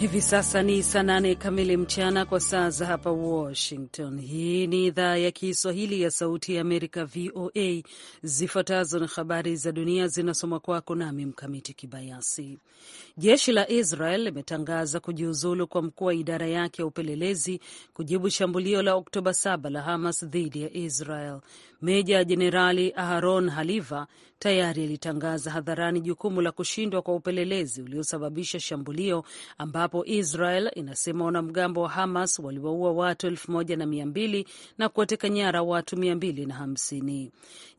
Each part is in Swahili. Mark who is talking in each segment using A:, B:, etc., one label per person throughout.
A: Hivi sasa ni saa nane kamili mchana kwa saa za hapa Washington. Hii ni idhaa ya Kiswahili ya Sauti ya Amerika, VOA. Zifuatazo na habari za dunia zinasoma kwako nami Mkamiti Kibayasi. Jeshi la Israel limetangaza kujiuzulu kwa mkuu wa idara yake ya upelelezi kujibu shambulio la Oktoba 7 la Hamas dhidi ya Israel. Meja ya Jenerali Aharon Haliva tayari alitangaza hadharani jukumu la kushindwa kwa upelelezi uliosababisha shambulio ambapo Israel inasema wanamgambo wa Hamas waliwaua watu elfu moja na mia mbili na kuwateka nyara watu mia mbili na hamsini.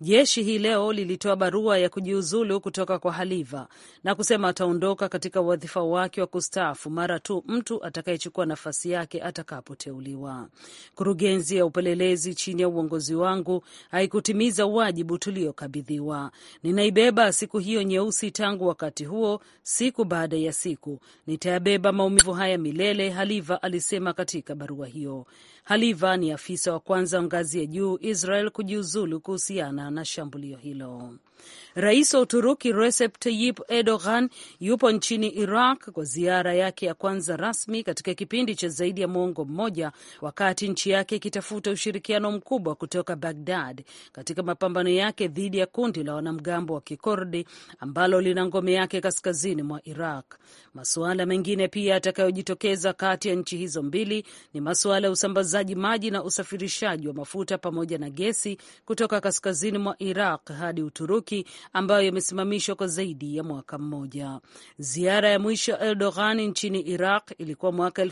A: Jeshi hii leo lilitoa barua ya kujiuzulu kutoka kwa Haliva na kusema ataondoka katika wadhifa wake wa kustaafu mara tu mtu atakayechukua nafasi yake atakapoteuliwa. Kurugenzi ya upelelezi chini ya uongozi wangu haikutimiza wajibu tuliokabidhiwa. Ninaibeba siku hiyo nyeusi tangu wakati huo, siku baada ya siku nitayabeba maumivu haya milele, Haliva alisema katika barua hiyo. Haliva ni afisa wa kwanza wa ngazi ya juu Israel kujiuzulu kuhusiana na shambulio hilo. Rais wa Uturuki Recep Tayyip Erdogan yupo nchini Iraq kwa ziara yake ya kwanza rasmi katika kipindi cha zaidi ya mwongo mmoja, wakati nchi yake ikitafuta ushirikiano mkubwa kutoka Bagdad katika mapambano yake dhidi ya kundi la wanamgambo wa Kikurdi ambalo lina ngome yake kaskazini mwa Iraq. Masuala mengine pia yatakayojitokeza kati ya nchi hizo mbili ni masuala ya usambazaji maji na usafirishaji wa mafuta pamoja na gesi kutoka kaskazini mwa Iraq hadi Uturuki ambayo yamesimamishwa kwa zaidi ya mwaka mmoja. Ziara ya mwisho Erdogan nchini Iraq ilikuwa mwaka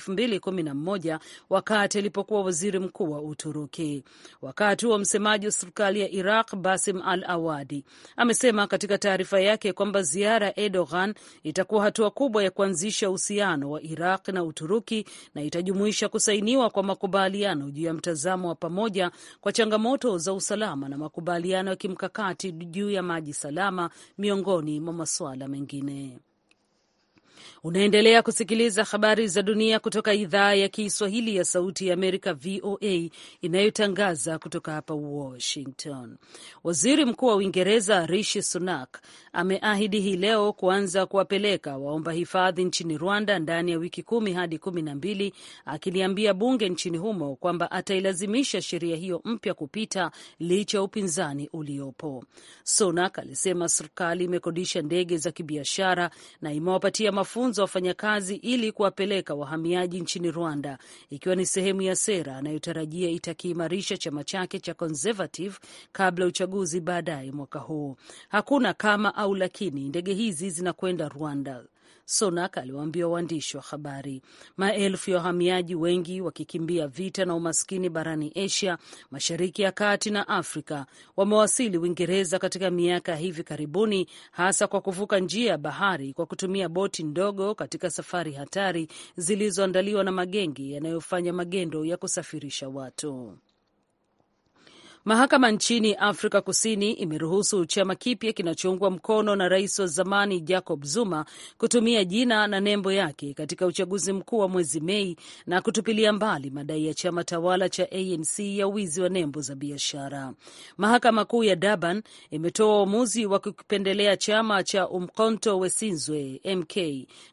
A: mmoja wakati alipokuwa waziri mkuu wa Uturuki. Wakati huo msemaji wa serikali ya Iraq Basim Al Awadi amesema katika taarifa yake kwamba ziara ya Erdogan itakuwa hatua kubwa ya kuanzisha uhusiano wa Iraq na Uturuki na itajumuisha kusainiwa kwa makubaliano juu ya mtazamo wa pamoja kwa changamoto za usalama na makubaliano ya kimkakati juu ya maji usalama miongoni mwa masuala mengine. Unaendelea kusikiliza habari za dunia kutoka idhaa ya Kiswahili ya Sauti ya Amerika, VOA, inayotangaza kutoka hapa Washington. Waziri Mkuu wa Uingereza Rishi Sunak ameahidi hii leo kuanza kuwapeleka waomba hifadhi nchini Rwanda ndani ya wiki kumi hadi kumi na mbili, akiliambia bunge nchini humo kwamba atailazimisha sheria hiyo mpya kupita licha ya upinzani uliopo. Sunak alisema serikali imekodisha ndege za kibiashara na imewapatia mafunzo kuwafunza wafanyakazi ili kuwapeleka wahamiaji nchini Rwanda, ikiwa ni sehemu ya sera anayotarajia itakiimarisha chama chake cha Conservative kabla ya uchaguzi baadaye mwaka huu. Hakuna kama au lakini, ndege hizi zinakwenda Rwanda. Sunak aliwaambia waandishi wa habari. Maelfu ya wahamiaji, wengi wakikimbia vita na umaskini barani Asia, Mashariki ya Kati na Afrika, wamewasili Uingereza katika miaka hivi karibuni, hasa kwa kuvuka njia ya bahari kwa kutumia boti ndogo katika safari hatari zilizoandaliwa na magenge yanayofanya magendo ya kusafirisha watu. Mahakama nchini Afrika Kusini imeruhusu chama kipya kinachoungwa mkono na rais wa zamani Jacob Zuma kutumia jina na nembo yake katika uchaguzi mkuu wa mwezi Mei na kutupilia mbali madai ya chama tawala cha ANC ya wizi wa nembo za biashara. Mahakama Kuu ya Durban imetoa uamuzi wa kukipendelea chama cha Umkhonto wesinzwe MK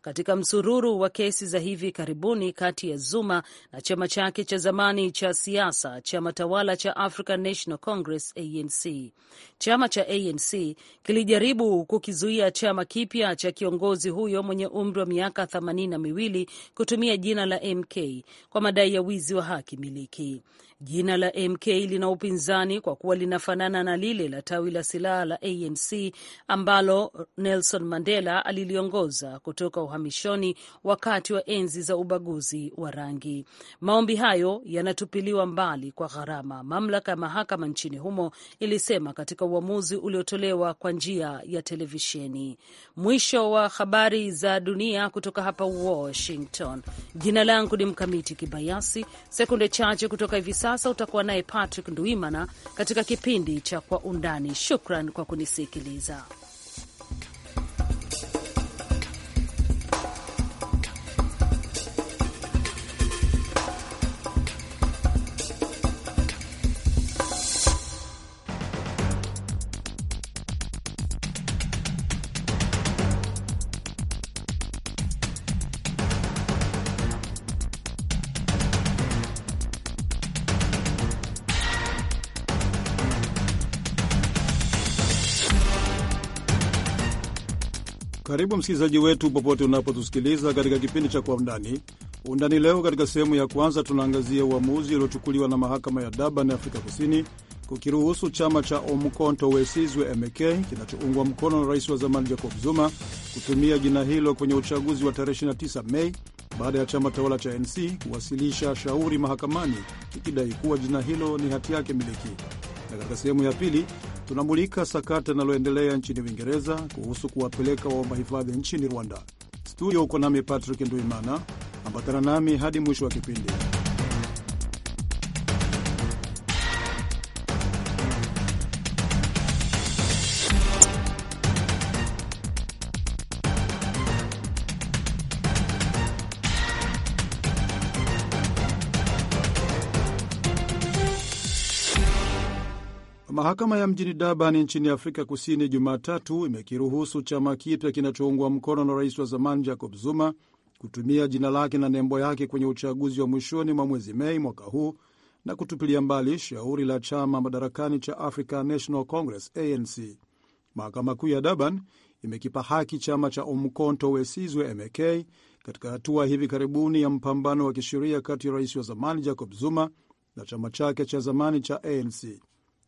A: katika msururu wa kesi za hivi karibuni kati ya Zuma na chama chake cha zamani cha siasa, chama tawala cha African National Congress ANC. Chama cha ANC kilijaribu kukizuia chama kipya cha kiongozi huyo mwenye umri wa miaka themanini na miwili kutumia jina la MK kwa madai ya wizi wa haki miliki. Jina la MK lina upinzani kwa kuwa linafanana na lile la tawi la silaha la ANC ambalo Nelson Mandela aliliongoza kutoka uhamishoni wakati wa enzi za ubaguzi wa rangi. Maombi hayo yanatupiliwa mbali kwa gharama, mamlaka ya mahakama nchini humo ilisema katika uamuzi uliotolewa kwa njia ya televisheni. Mwisho wa habari za dunia kutoka hapa Washington. Jina langu ni Mkamiti Kibayasi. Sekunde chache kutoka hivi sasa utakuwa naye Patrick Ndwimana katika kipindi cha Kwa Undani. Shukran kwa kunisikiliza.
B: Karibu msikilizaji wetu popote unapotusikiliza katika kipindi cha Kwa Undani. Undani leo, katika sehemu ya kwanza tunaangazia uamuzi uliochukuliwa na mahakama ya Durban ya Afrika Kusini kukiruhusu chama cha Umkhonto wesizwe MK kinachoungwa mkono na rais wa zamani Jacob Zuma kutumia jina hilo kwenye uchaguzi wa tarehe 29 Mei baada ya chama tawala cha NC kuwasilisha shauri mahakamani kikidai kuwa jina hilo ni hati yake miliki. Na katika sehemu ya pili tunamulika sakata linaloendelea nchini Uingereza kuhusu kuwapeleka waomba hifadhi nchini Rwanda. Studio uko nami Patrick Nduimana, ambatana nami hadi mwisho wa kipindi. Mahakama ya mjini Durban nchini Afrika Kusini Jumatatu imekiruhusu chama kipya kinachoungwa mkono na rais wa zamani Jacob Zuma kutumia jina lake na nembo yake kwenye uchaguzi wa mwishoni mwa mwezi Mei mwaka huu na kutupilia mbali shauri la chama madarakani cha African National Congress ANC. Mahakama kuu ya Durban imekipa haki chama cha Umkhonto weSizwe MK katika hatua hivi karibuni ya mpambano wa kisheria kati ya rais wa zamani Jacob Zuma na chama chake cha zamani cha ANC.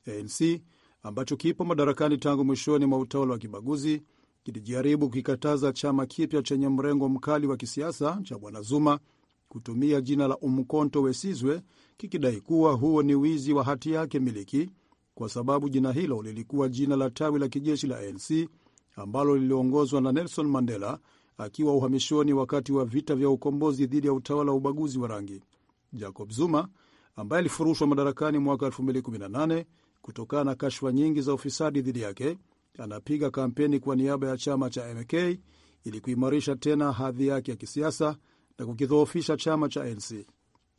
B: ANC ambacho kipo madarakani tangu mwishoni mwa utawala wa kibaguzi kilijaribu kukikataza chama kipya chenye mrengo mkali wa kisiasa cha Bwana Zuma kutumia jina la umkonto wesizwe kikidai kuwa huo ni wizi wa hati yake miliki, kwa sababu jina hilo lilikuwa jina la tawi la kijeshi la ANC ambalo liliongozwa na Nelson Mandela akiwa uhamishoni wakati wa vita vya ukombozi dhidi ya utawala wa ubaguzi wa rangi. Jacob Zuma ambaye alifurushwa madarakani mwaka 2018 kutokana na kashfa nyingi za ufisadi dhidi yake, anapiga kampeni kwa niaba ya chama cha MK ili kuimarisha tena hadhi yake ya kisiasa na kukidhoofisha chama cha ANC.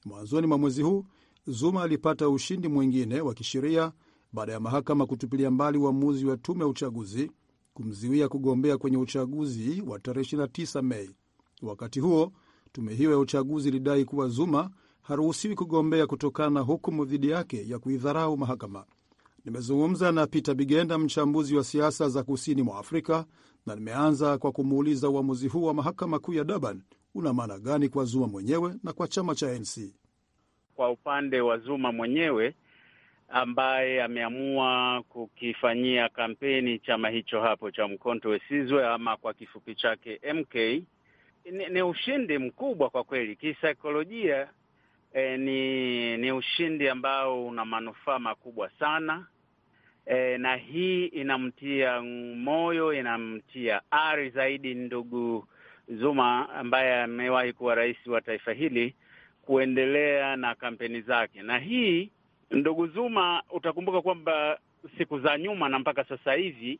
B: Mwanzoni mwa mwezi huu Zuma alipata ushindi mwingine wa kisheria baada ya mahakama kutupilia mbali uamuzi wa, wa tume ya uchaguzi kumziwia kugombea kwenye uchaguzi wa tarehe 29 Mei. Wakati huo tume hiyo ya uchaguzi ilidai kuwa Zuma haruhusiwi kugombea kutokana na hukumu dhidi yake ya kuidharau mahakama. Nimezungumza na Peter Bigenda, mchambuzi wa siasa za kusini mwa Afrika, na nimeanza kwa kumuuliza uamuzi huu wa mahakama kuu ya Durban una maana gani kwa Zuma mwenyewe na kwa chama cha ANC.
C: Kwa upande wa Zuma mwenyewe ambaye ameamua kukifanyia kampeni chama hicho hapo cha Mkhonto wesizwe ama kwa kifupi chake MK, ni, ni ushindi mkubwa kwa kweli kisaikolojia e, ni ni ushindi ambao una manufaa makubwa sana e, na hii inamtia moyo, inamtia ari zaidi ndugu Zuma ambaye amewahi kuwa rais wa taifa hili kuendelea na kampeni zake. Na hii ndugu Zuma, utakumbuka kwamba siku za nyuma na mpaka sasa hivi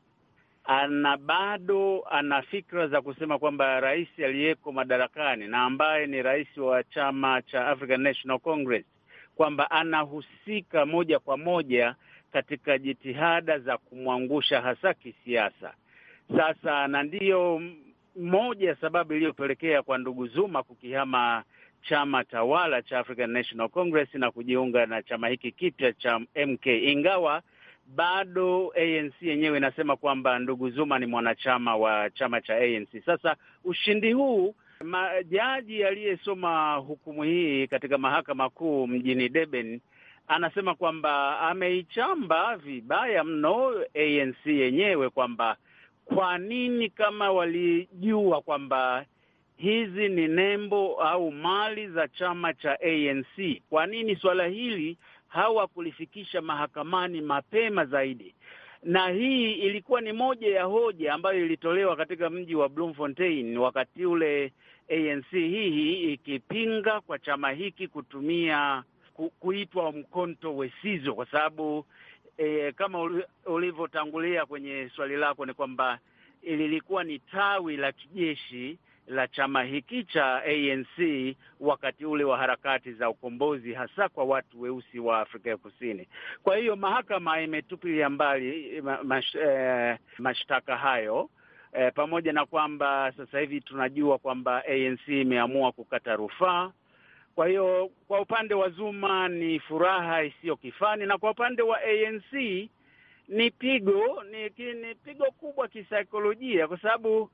C: ana bado ana fikra za kusema kwamba rais aliyeko madarakani na ambaye ni rais wa chama cha African National Congress kwamba anahusika moja kwa moja katika jitihada za kumwangusha hasa kisiasa. Sasa, na ndiyo moja ya sababu iliyopelekea kwa ndugu Zuma kukihama chama tawala cha African National Congress na kujiunga na chama hiki kipya cha MK, ingawa bado ANC yenyewe inasema kwamba ndugu Zuma ni mwanachama wa chama cha ANC. Sasa ushindi huu majaji aliyesoma hukumu hii katika mahakama kuu mjini deben anasema kwamba ameichamba vibaya mno ANC yenyewe, kwamba kwa nini kama walijua kwamba hizi ni nembo au mali za chama cha ANC, kwa nini suala hili hawakulifikisha mahakamani mapema zaidi, na hii ilikuwa ni moja ya hoja ambayo ilitolewa katika mji wa Bloemfontein wakati ule ANC hii ikipinga kwa chama hiki kutumia kuitwa mkonto wesizo kwa sababu E, kama ulivyotangulia kwenye swali lako ni kwamba ililikuwa ni tawi la kijeshi la chama hiki cha ANC wakati ule wa harakati za ukombozi, hasa kwa watu weusi wa Afrika ya Kusini. Kwa hiyo mahakama imetupilia mbali eh, mash, eh, mashtaka hayo eh, pamoja na kwamba sasa hivi tunajua kwamba ANC imeamua kukata rufaa. Kwa hiyo kwa upande wa Zuma ni furaha isiyo kifani, na kwa upande wa ANC ni pigo, ni, ni pigo kubwa kisaikolojia kwa sababu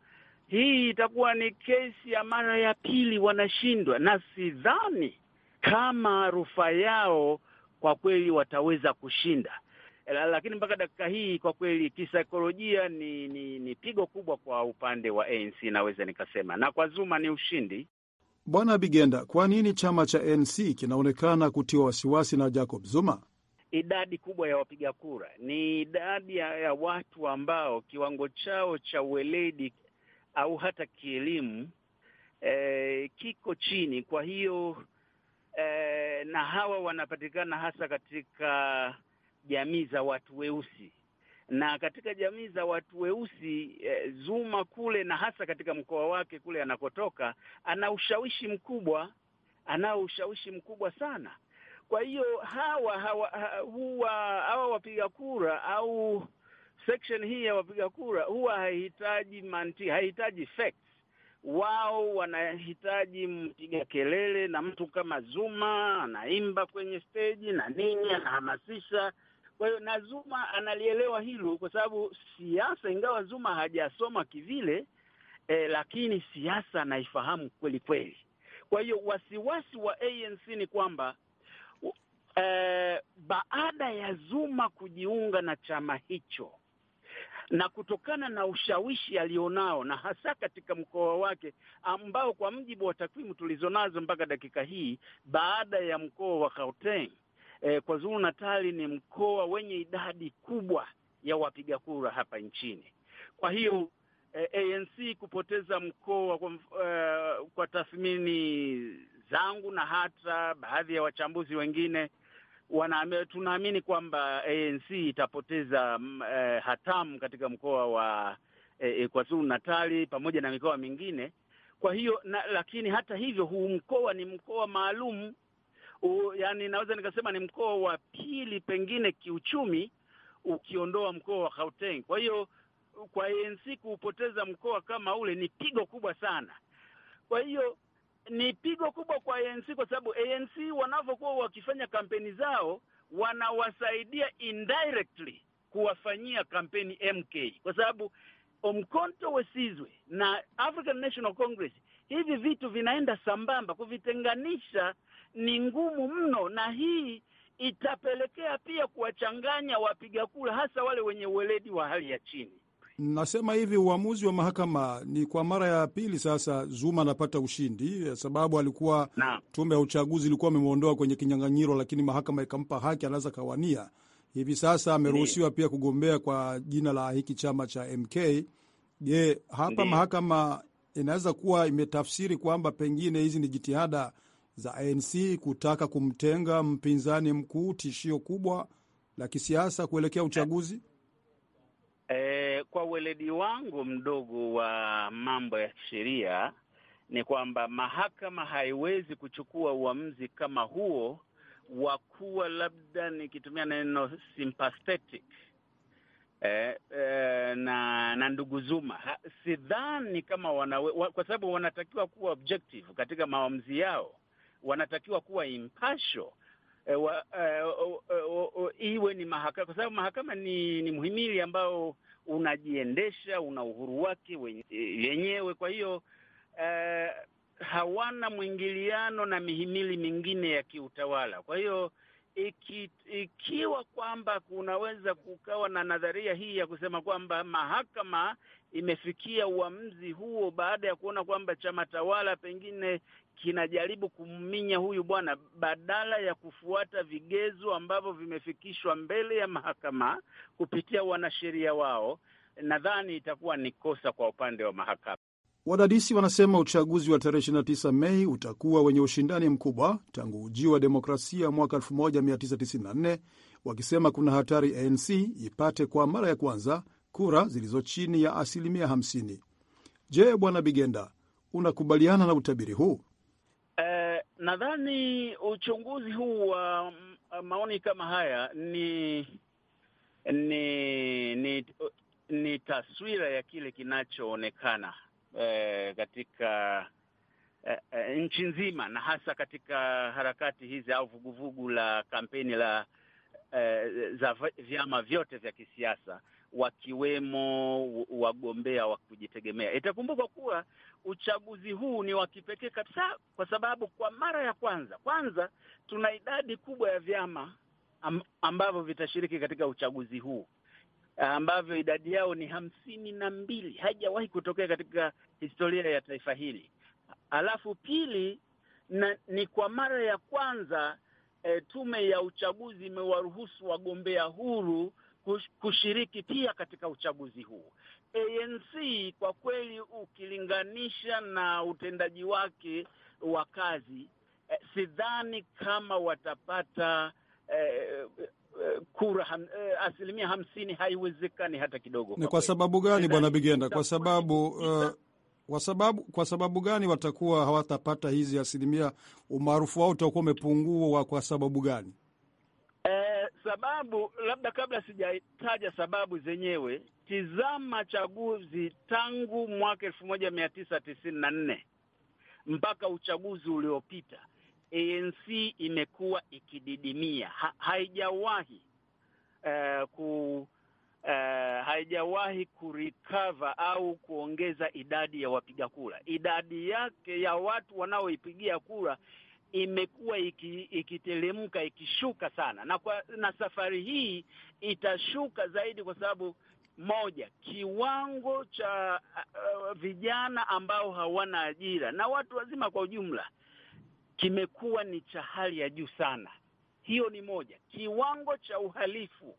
C: hii itakuwa ni kesi ya mara ya pili wanashindwa, na sidhani kama rufaa yao kwa kweli wataweza kushinda. Lakini mpaka dakika hii kwa kweli kisaikolojia ni, ni, ni pigo kubwa kwa upande wa ANC naweza nikasema, na kwa Zuma ni ushindi.
B: Bwana Bigenda, kwa nini chama cha ANC kinaonekana kutiwa wasiwasi na Jacob Zuma?
C: Idadi kubwa ya wapiga kura ni idadi ya, ya watu ambao kiwango chao cha uweledi au hata kielimu e, kiko chini. Kwa hiyo e, na hawa wanapatikana hasa katika jamii za watu weusi na katika jamii za watu weusi e, Zuma kule na hasa katika mkoa wake kule anakotoka, ana ushawishi mkubwa, anao ushawishi mkubwa sana. Kwa hiyo hawa hawa huwa hawa wapiga kura au section hii ya wapiga kura huwa haihitaji manti, haihitaji facts. Wao wanahitaji mpiga kelele na mtu kama Zuma anaimba kwenye steji na nini, anahamasisha. Kwa hiyo na Zuma analielewa hilo, kwa sababu siasa, ingawa Zuma hajasoma kivile eh, lakini siasa anaifahamu kweli kweli. Kwa hiyo wasiwasi wa ANC ni kwamba eh, baada ya Zuma kujiunga na chama hicho na kutokana na ushawishi alionao na hasa katika mkoa wake ambao kwa mjibu wa takwimu tulizonazo mpaka dakika hii, baada ya mkoa wa Gauteng eh, Zulu Natali ni mkoa wenye idadi kubwa ya wapiga kura hapa nchini. Kwa hiyo eh, ANC kupoteza mkoa kwa, eh, kwa tathmini zangu na hata baadhi ya wachambuzi wengine tunaamini kwamba ANC itapoteza mm, eh, hatamu katika mkoa wa eh, KwaZulu Natali pamoja na mikoa mingine. Kwa hiyo na, lakini hata hivyo huu mkoa ni mkoa maalum, yaani naweza nikasema ni mkoa wa pili pengine kiuchumi ukiondoa mkoa wa Gauteng. Kwa hiyo kwa ANC kuupoteza mkoa kama ule ni pigo kubwa sana. Kwa hiyo ni pigo kubwa kwa ANC kwa sababu ANC wanavyokuwa wakifanya kampeni zao wanawasaidia indirectly kuwafanyia kampeni MK, kwa sababu Omkonto Wesizwe na African National Congress, hivi vitu vinaenda sambamba, kuvitenganisha ni ngumu mno, na hii itapelekea pia kuwachanganya wapiga kura, hasa wale wenye uweledi wa hali ya chini.
B: Nasema hivi, uamuzi wa mahakama ni kwa mara ya pili sasa, Zuma anapata ushindi, sababu alikuwa na tume ya uchaguzi ilikuwa amemwondoa kwenye kinyang'anyiro, lakini mahakama ikampa haki, anaweza kawania. Hivi sasa ameruhusiwa pia kugombea kwa jina la hiki chama cha MK. Je, hapa Ndi. mahakama inaweza kuwa imetafsiri kwamba pengine hizi ni jitihada za ANC kutaka kumtenga mpinzani mkuu, tishio kubwa la kisiasa kuelekea uchaguzi.
C: eh kwa weledi wangu mdogo wa mambo ya sheria ni kwamba mahakama haiwezi kuchukua uamuzi kama huo wa kuwa labda nikitumia neno sympathetic eh, eh, na na ndugu Zuma ha, sidhani kama wanawe, wa, kwa sababu wanatakiwa kuwa objective katika maamuzi yao, wanatakiwa kuwa impartial e, wa, uh, uh, uh, iwe ni mahakama, kwa sababu mahakama ni, ni muhimili ambao unajiendesha, una uhuru wake wenyewe. Kwa hiyo uh, hawana mwingiliano na mihimili mingine ya kiutawala. Kwa hiyo iki, ikiwa kwamba kunaweza kukawa na nadharia hii ya kusema kwamba mahakama imefikia uamuzi huo baada ya kuona kwamba chama tawala pengine kinajaribu kumminya huyu bwana badala ya kufuata vigezo ambavyo vimefikishwa mbele ya mahakama kupitia wanasheria wao, nadhani itakuwa ni kosa kwa upande wa mahakama.
B: Wadadisi wanasema uchaguzi wa tarehe 29 Mei utakuwa wenye ushindani mkubwa tangu ujio wa demokrasia mwaka 1994 wakisema kuna hatari ANC ipate kwa mara ya kwanza kura zilizo chini ya asilimia 50. Je, Bwana Bigenda, unakubaliana na utabiri huu?
C: Eh, nadhani uchunguzi huu wa maoni kama haya ni ni ni, ni taswira ya kile kinachoonekana Eh, katika eh, eh, nchi nzima na hasa katika harakati hizi au vuguvugu la kampeni la eh, za vyama vyote vya kisiasa wakiwemo wagombea wa kujitegemea. Itakumbukwa kuwa uchaguzi huu ni wa kipekee kabisa, kwa sababu kwa mara ya kwanza kwanza tuna idadi kubwa ya vyama ambavyo vitashiriki katika uchaguzi huu Eh, ambavyo idadi yao ni hamsini na mbili. Haijawahi kutokea katika historia ya taifa hili. Alafu pili na, ni kwa mara ya kwanza e, tume ya uchaguzi imewaruhusu wagombea huru kushiriki pia katika uchaguzi huu. ANC kwa kweli, ukilinganisha na utendaji wake wa kazi, e, sidhani kama watapata e, kura ham, eh, asilimia hamsini haiwezekani hata kidogo. Ni kwa
B: sababu gani bwana Bigenda? Kwa sababu eh, kwa sababu kwa sababu gani watakuwa hawatapata hizi asilimia? Umaarufu wao utakuwa umepungua kwa sababu gani?
C: E, sababu labda kabla sijataja sababu zenyewe, tizama chaguzi tangu mwaka elfu moja mia tisa tisini na nne mpaka uchaguzi uliopita ANC imekuwa ikididimia ha, haijawahi eh, ku eh, haijawahi kurikava au kuongeza idadi ya wapiga kura. Idadi yake ya watu wanaoipigia kura imekuwa iki, ikishuka sana, na kwa, na safari hii itashuka zaidi kwa sababu moja, kiwango cha uh, vijana ambao hawana ajira na watu wazima kwa ujumla kimekuwa ni cha hali ya juu sana. Hiyo ni moja. Kiwango cha uhalifu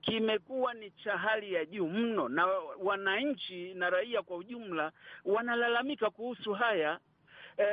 C: kimekuwa ni cha hali ya juu mno, na wananchi na raia kwa ujumla wanalalamika kuhusu haya. E,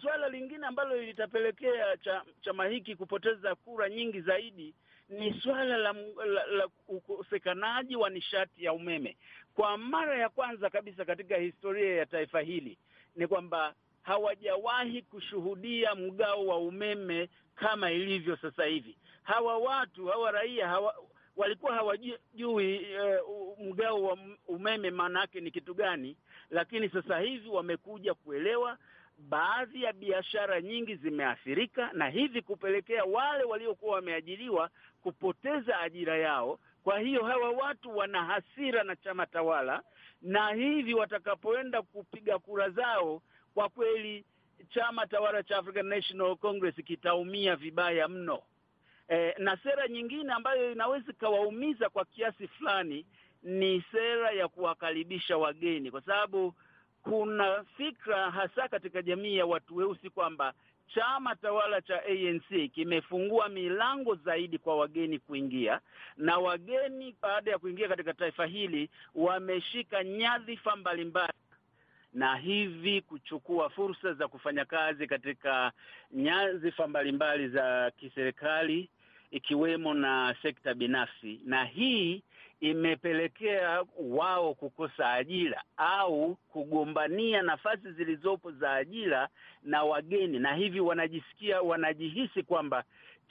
C: suala lingine ambalo litapelekea cha, chama hiki kupoteza kura nyingi zaidi ni suala la, la, la ukosekanaji wa nishati ya umeme. Kwa mara ya kwanza kabisa katika historia ya taifa hili ni kwamba hawajawahi kushuhudia mgao wa umeme kama ilivyo sasa hivi. Hawa watu hawa raia hawa, walikuwa hawajui uh, mgao wa umeme maana yake ni kitu gani, lakini sasa hivi wamekuja kuelewa. Baadhi ya biashara nyingi zimeathirika na hivi kupelekea wale waliokuwa wameajiriwa kupoteza ajira yao. Kwa hiyo hawa watu wana hasira na chama tawala, na hivi watakapoenda kupiga kura zao, kwa kweli chama tawala cha African National Congress kitaumia vibaya mno. E, na sera nyingine ambayo inaweza ikawaumiza kwa kiasi fulani ni sera ya kuwakaribisha wageni, kwa sababu kuna fikra hasa katika jamii ya watu weusi kwamba chama tawala cha ANC kimefungua milango zaidi kwa wageni kuingia, na wageni baada ya kuingia katika taifa hili wameshika nyadhifa mbalimbali na hivi kuchukua fursa za kufanya kazi katika nyadhifa mbalimbali za kiserikali ikiwemo na sekta binafsi, na hii imepelekea wao kukosa ajira au kugombania nafasi zilizopo za ajira na wageni, na hivi wanajisikia wanajihisi kwamba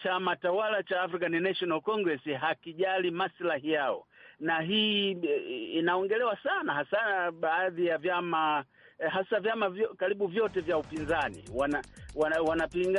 C: chama tawala cha African National Congress hakijali maslahi yao, na hii eh, inaongelewa sana hasa baadhi ya vyama eh, hasa vyama vyo, karibu vyote vya upinzani wanapingana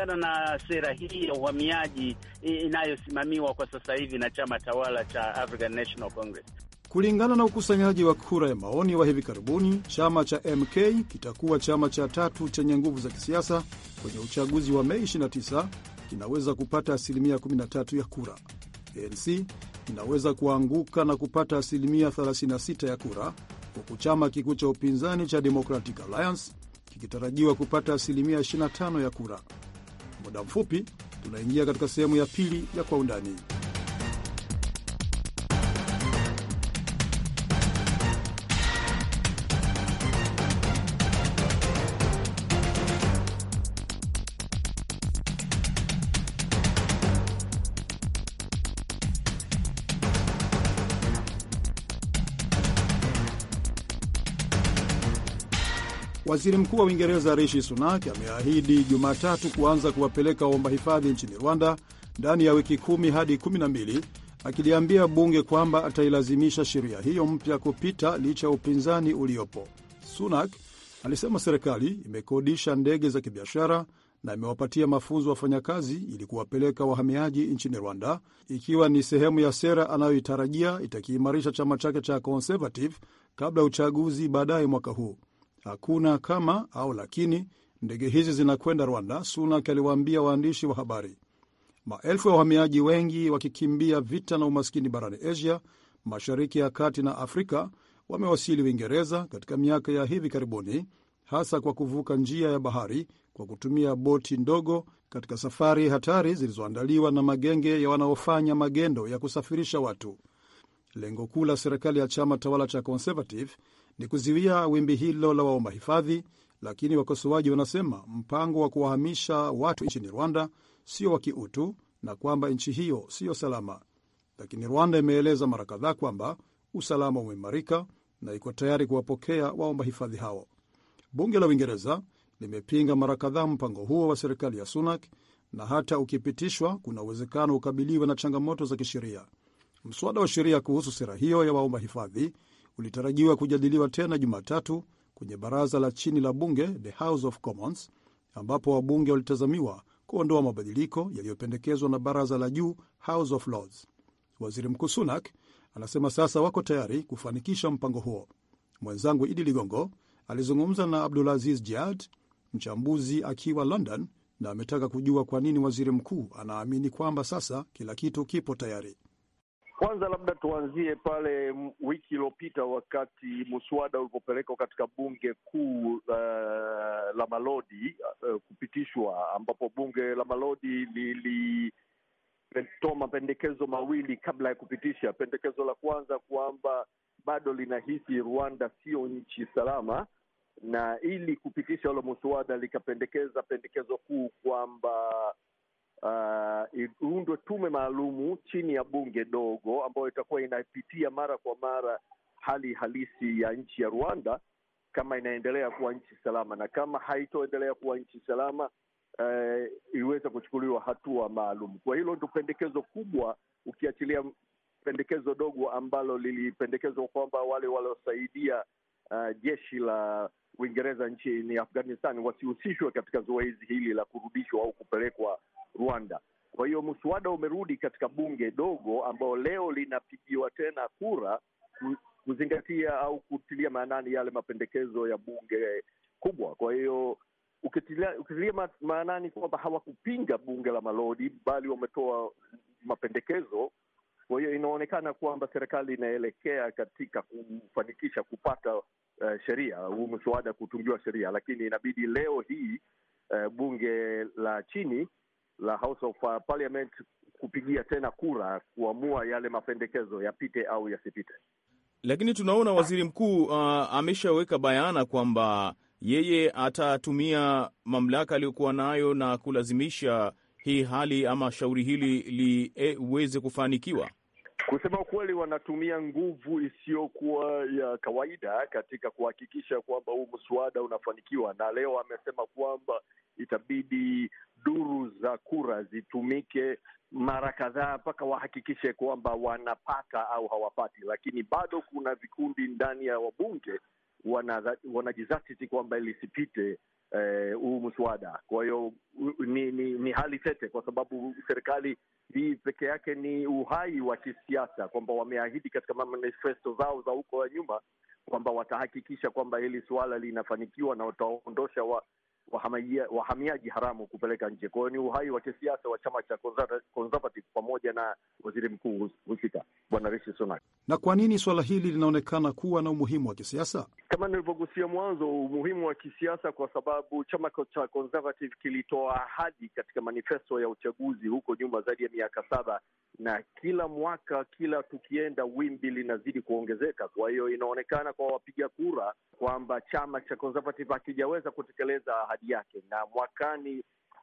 C: wana, wana na sera hii ya uhamiaji inayosimamiwa kwa sasa hivi na chama tawala cha African National Congress.
B: Kulingana na ukusanyaji wa kura ya maoni wa hivi karibuni, chama cha MK kitakuwa chama cha tatu chenye nguvu za kisiasa kwenye uchaguzi wa Mei 29. Kinaweza kupata asilimia 13 ya kura. ANC inaweza kuanguka na kupata asilimia 36 ya kura, huku chama kikuu cha upinzani cha Democratic Alliance kikitarajiwa kupata asilimia 25 ya kura. Muda mfupi tunaingia katika sehemu ya pili ya Kwa Undani. Waziri Mkuu wa Uingereza Rishi Sunak ameahidi Jumatatu kuanza kuwapeleka waomba hifadhi nchini Rwanda ndani ya wiki kumi hadi kumi na mbili, akiliambia bunge kwamba atailazimisha sheria hiyo mpya kupita licha ya upinzani uliopo. Sunak alisema serikali imekodisha ndege za kibiashara na imewapatia mafunzo wafanyakazi ili kuwapeleka wahamiaji nchini Rwanda, ikiwa ni sehemu ya sera anayoitarajia itakiimarisha chama chake cha Conservative kabla ya uchaguzi baadaye mwaka huu. Hakuna kama au lakini, ndege hizi zinakwenda Rwanda, Sunak aliwaambia waandishi wa habari. Maelfu ya wahamiaji, wengi wakikimbia vita na umaskini barani Asia, mashariki ya kati na Afrika, wamewasili Uingereza katika miaka ya hivi karibuni, hasa kwa kuvuka njia ya bahari kwa kutumia boti ndogo, katika safari hatari zilizoandaliwa na magenge ya wanaofanya magendo ya kusafirisha watu. Lengo kuu la serikali ya chama tawala cha Conservative ni kuzuia wimbi hilo la waomba hifadhi, lakini wakosoaji wanasema mpango wa kuwahamisha watu nchini Rwanda sio wa kiutu na kwamba nchi hiyo siyo salama. Lakini Rwanda imeeleza mara kadhaa kwamba usalama umeimarika na iko tayari kuwapokea waomba hifadhi hao. Bunge la Uingereza limepinga mara kadhaa mpango huo wa serikali ya Sunak na hata ukipitishwa, kuna uwezekano ukabiliwe na changamoto za kisheria. Mswada wa sheria kuhusu sera hiyo ya waomba hifadhi ulitarajiwa kujadiliwa tena Jumatatu kwenye baraza la chini la bunge, the House of Commons, ambapo wabunge walitazamiwa kuondoa mabadiliko yaliyopendekezwa na baraza la juu, House of Lords. Waziri Mkuu Sunak anasema sasa wako tayari kufanikisha mpango huo. Mwenzangu Idi Ligongo alizungumza na Abdulaziz Jiad, mchambuzi akiwa London, na ametaka kujua kwa nini waziri mkuu anaamini kwamba sasa kila kitu kipo tayari.
D: Kwanza labda tuanzie pale wiki iliyopita wakati mswada ulipopelekwa katika bunge kuu uh, la Malodi uh, kupitishwa, ambapo bunge la Malodi lilitoa mapendekezo mawili kabla ya kupitisha. Pendekezo la kwanza kwamba bado linahisi Rwanda sio nchi salama, na ili kupitisha ule muswada likapendekeza pendekezo kuu kwamba uh, iundwe tume maalumu chini ya bunge dogo ambayo itakuwa inapitia mara kwa mara hali halisi ya nchi ya Rwanda kama inaendelea kuwa nchi salama, na kama haitoendelea kuwa nchi salama uh, iweze kuchukuliwa hatua maalum. Kwa hilo ndo pendekezo kubwa, ukiachilia pendekezo dogo ambalo lilipendekezwa kwamba wale waliosaidia uh, jeshi la Uingereza nchini Afghanistan wasihusishwe katika zoezi hili la kurudishwa au kupelekwa Rwanda. Kwa hiyo mswada umerudi katika bunge dogo ambao leo linapigiwa tena kura kuzingatia au kutilia maanani yale mapendekezo ya bunge kubwa. Kwa hiyo ukitilia, ukitilia maanani kwamba hawakupinga bunge la malodi, bali wametoa mapendekezo kwa hiyo inaonekana kwamba serikali inaelekea katika kufanikisha kupata uh, sheria huu mswada kutungiwa sheria, lakini inabidi leo hii uh, bunge la chini la House of uh, Parliament kupigia tena kura kuamua yale mapendekezo yapite au yasipite.
E: Lakini tunaona waziri mkuu uh, ameshaweka bayana kwamba yeye atatumia mamlaka aliyokuwa nayo na kulazimisha hii hali ama shauri hili liweze e, kufanikiwa?
D: Kusema ukweli, wanatumia nguvu isiyokuwa ya kawaida katika kuhakikisha kwamba huu mswada unafanikiwa, na leo amesema kwamba itabidi duru za kura zitumike mara kadhaa mpaka wahakikishe kwamba wanapata au hawapati, lakini bado kuna vikundi ndani ya wabunge wanajizatiti kwamba lisipite Eh, huu eh, mswada. Kwa hiyo ni, ni ni hali tete, kwa sababu serikali hii peke yake ni uhai wa kisiasa, kwamba wameahidi katika manifesto zao za huko ya nyuma kwamba watahakikisha kwamba hili suala linafanikiwa na wataondosha wa, wahamiaji haramu kupeleka nje. Kwa hiyo ni uhai wa kisiasa wa chama cha Conservative pamoja na waziri mkuu husika Bwana Rishi Sunak.
B: Na kwa nini suala hili linaonekana kuwa na umuhimu wa kisiasa?
D: Kama nilivyogusia mwanzo, umuhimu wa kisiasa kwa sababu chama cha Conservative kilitoa ahadi katika manifesto ya uchaguzi huko nyuma zaidi ya miaka saba, na kila mwaka, kila tukienda, wimbi linazidi kuongezeka. Kwa hiyo inaonekana kwa wapiga kura kwamba chama cha Conservative hakijaweza kutekeleza ahadi ahadi yake, na mwakani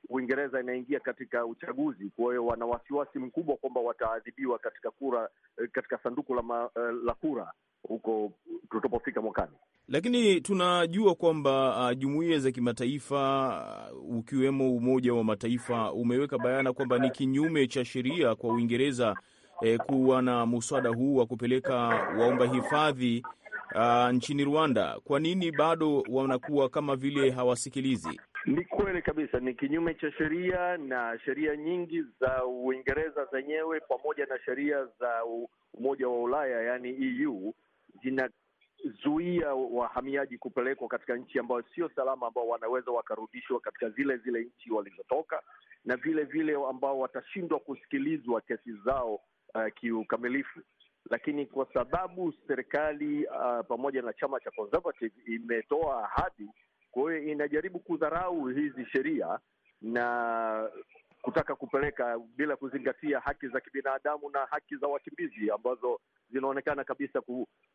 D: Uingereza inaingia katika uchaguzi. Kwa hiyo wana wasiwasi mkubwa kwamba wataadhibiwa katika kura, eh, katika sanduku la, ma, eh, la kura huko tutapofika mwakani.
E: Lakini tunajua kwamba uh, jumuiya za kimataifa uh, ukiwemo Umoja wa Mataifa umeweka bayana kwamba ni kinyume cha sheria kwa Uingereza eh, kuwa na muswada huu wa kupeleka waomba hifadhi uh, nchini Rwanda, kwa nini bado wanakuwa kama vile hawasikilizi?
D: Ni kweli kabisa, ni kinyume cha sheria na sheria nyingi za Uingereza zenyewe pamoja na sheria za Umoja wa Ulaya, yaani EU zinazuia wahamiaji kupelekwa katika nchi ambayo sio salama, ambao wanaweza wakarudishwa katika zile zile nchi walizotoka, na vile vile ambao watashindwa kusikilizwa kesi zao uh, kiukamilifu lakini kwa sababu serikali uh, pamoja na chama cha Conservative imetoa ahadi, kwa hiyo inajaribu kudharau hizi sheria na kutaka kupeleka bila kuzingatia haki za kibinadamu na haki za wakimbizi ambazo zinaonekana kabisa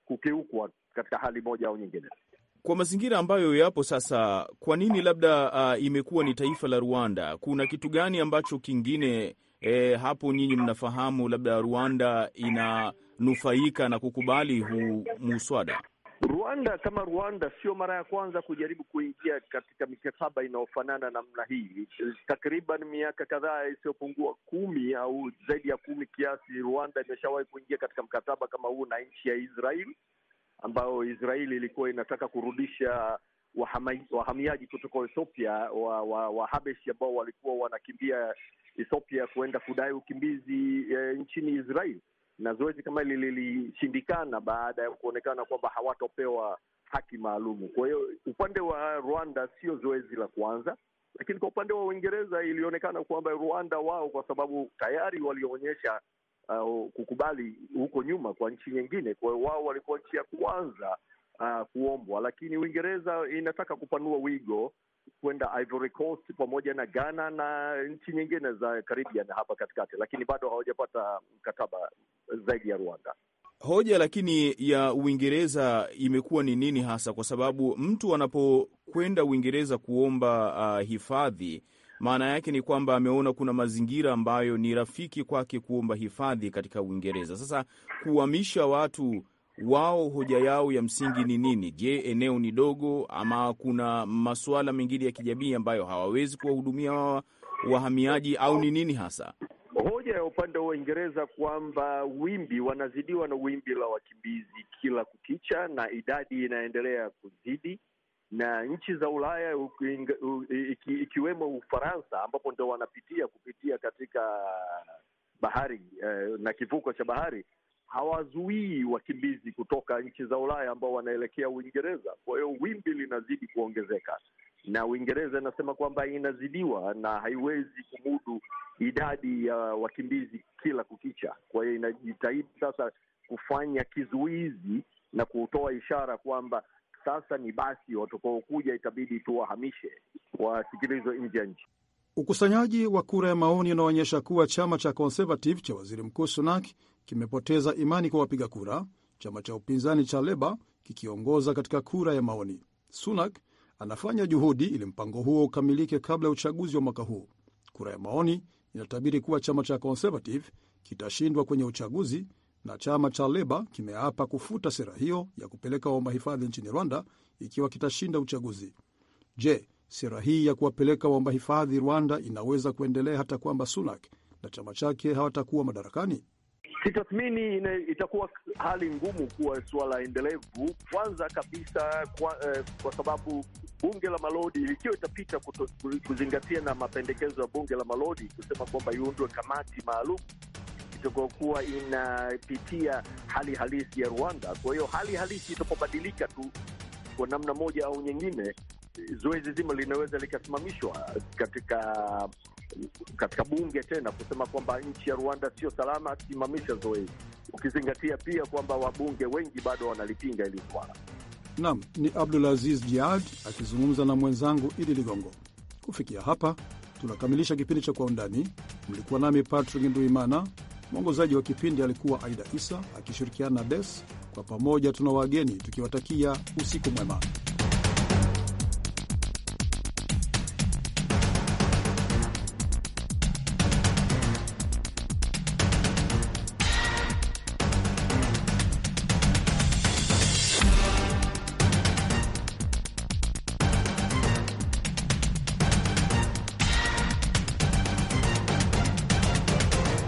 D: kukiukwa katika hali moja au nyingine
E: kwa mazingira ambayo yapo sasa, kwa nini labda uh, imekuwa ni taifa la Rwanda? Kuna kitu gani ambacho kingine eh, hapo nyinyi mnafahamu labda Rwanda ina kunufaika na kukubali huu muswada?
D: Rwanda kama Rwanda sio mara ya kwanza kujaribu kuingia katika mikataba inayofanana namna hii. Takriban miaka kadhaa isiyopungua kumi au zaidi ya kumi kiasi, Rwanda imeshawahi kuingia katika mkataba kama huu na nchi ya Israel, ambayo Israel ilikuwa inataka kurudisha wahamiaji kutoka Ethiopia wa, wa, Wahabeshi ambao walikuwa wanakimbia Ethiopia kuenda kudai ukimbizi e, nchini Israel na zoezi kama hili lilishindikana baada ya kuonekana kwamba hawatopewa haki maalumu. Kwa hiyo upande wa Rwanda sio zoezi la kwanza, lakini kwa upande wa Uingereza ilionekana kwamba Rwanda wao, kwa sababu tayari walionyesha uh, kukubali huko nyuma kwa nchi nyingine, kwa hiyo wao walikuwa nchi ya kwanza uh, kuombwa, lakini Uingereza inataka kupanua wigo kwenda Ivory Coast pamoja na Ghana na nchi nyingine za Caribbean hapa katikati, lakini bado hawajapata mkataba zaidi ya Rwanda.
E: Hoja lakini ya Uingereza imekuwa ni nini hasa? Kwa sababu mtu anapokwenda Uingereza kuomba uh, hifadhi, maana yake ni kwamba ameona kuna mazingira ambayo ni rafiki kwake kuomba hifadhi katika Uingereza. Sasa kuhamisha watu wao hoja yao ya msingi ni nini? Je, eneo ni dogo ama kuna masuala mengine ya kijamii ambayo hawawezi kuwahudumia wa wahamiaji au ni nini hasa
D: hoja ya upande wa Uingereza kwamba wimbi wanazidiwa na wimbi la wakimbizi kila kukicha, na idadi inaendelea kuzidi, na nchi za Ulaya iki, ikiwemo Ufaransa ambapo ndo wanapitia kupitia katika bahari eh, na kivuko cha bahari hawazuii wakimbizi kutoka nchi za Ulaya ambao wanaelekea Uingereza. Kwa hiyo wimbi linazidi kuongezeka, na Uingereza inasema kwamba inazidiwa na haiwezi kumudu idadi ya uh, wakimbizi kila kukicha. Kwa hiyo inajitahidi sasa kufanya kizuizi na kutoa ishara kwamba sasa ni basi, watakaokuja itabidi tuwahamishe, wasikilizwe nje ya nchi.
B: Ukusanyaji wa kura ya maoni unaonyesha kuwa chama cha Conservative cha waziri mkuu Sunak kimepoteza imani kwa wapiga kura, chama cha upinzani cha Leba kikiongoza katika kura ya maoni. Sunak anafanya juhudi ili mpango huo ukamilike kabla ya uchaguzi wa mwaka huu. Kura ya maoni inatabiri kuwa chama cha Conservative kitashindwa kwenye uchaguzi na chama cha Leba kimeapa kufuta sera hiyo ya kupeleka waomba hifadhi nchini Rwanda ikiwa kitashinda uchaguzi. Je, sera hii ya kuwapeleka waomba hifadhi Rwanda inaweza kuendelea hata kwamba Sunak na chama chake hawatakuwa madarakani?
D: Kitathmini itakuwa hali ngumu kuwa suala endelevu, kwanza kabisa kwa, eh, kwa sababu bunge la malodi ikiwa itapita kuto, kuzingatia na mapendekezo ya bunge la malodi kusema kwamba iundwe kamati maalum itakokuwa inapitia hali halisi ya Rwanda. Kwa hiyo hali halisi itapobadilika tu kwa namna moja au nyingine, zoezi zima linaweza likasimamishwa katika katika bunge tena kusema kwamba nchi ya Rwanda sio salama, simamisha zoezi, ukizingatia pia kwamba wabunge wengi bado wanalipinga
B: hili swala. Naam, ni Abdul Aziz Jiad akizungumza na mwenzangu Idi Ligongo. Kufikia hapa tunakamilisha kipindi cha Kwa Undani. Mlikuwa nami Patrick Nduimana, mwongozaji wa kipindi alikuwa Aida Isa akishirikiana na Des. Kwa pamoja tuna wageni tukiwatakia usiku mwema.